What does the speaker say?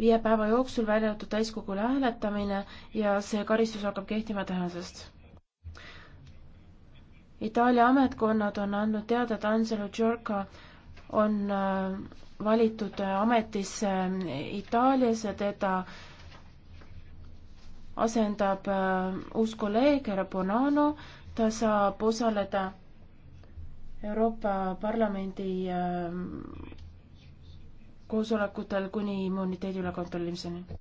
viie päeva jooksul välja arvatud täiskogule hääletamine ja see karistus hakkab kehtima tänasest. Itaalia ametkonnad on andnud teada, et Angelo Giorca on äh, valitud äh, ametisse äh, Itaalias ja teda asendab uus kolleeg härra Bonanno, ta saab osaleda Euroopa Parlamendi koosolekutel kuni immuniteedi üle kontrollimiseni.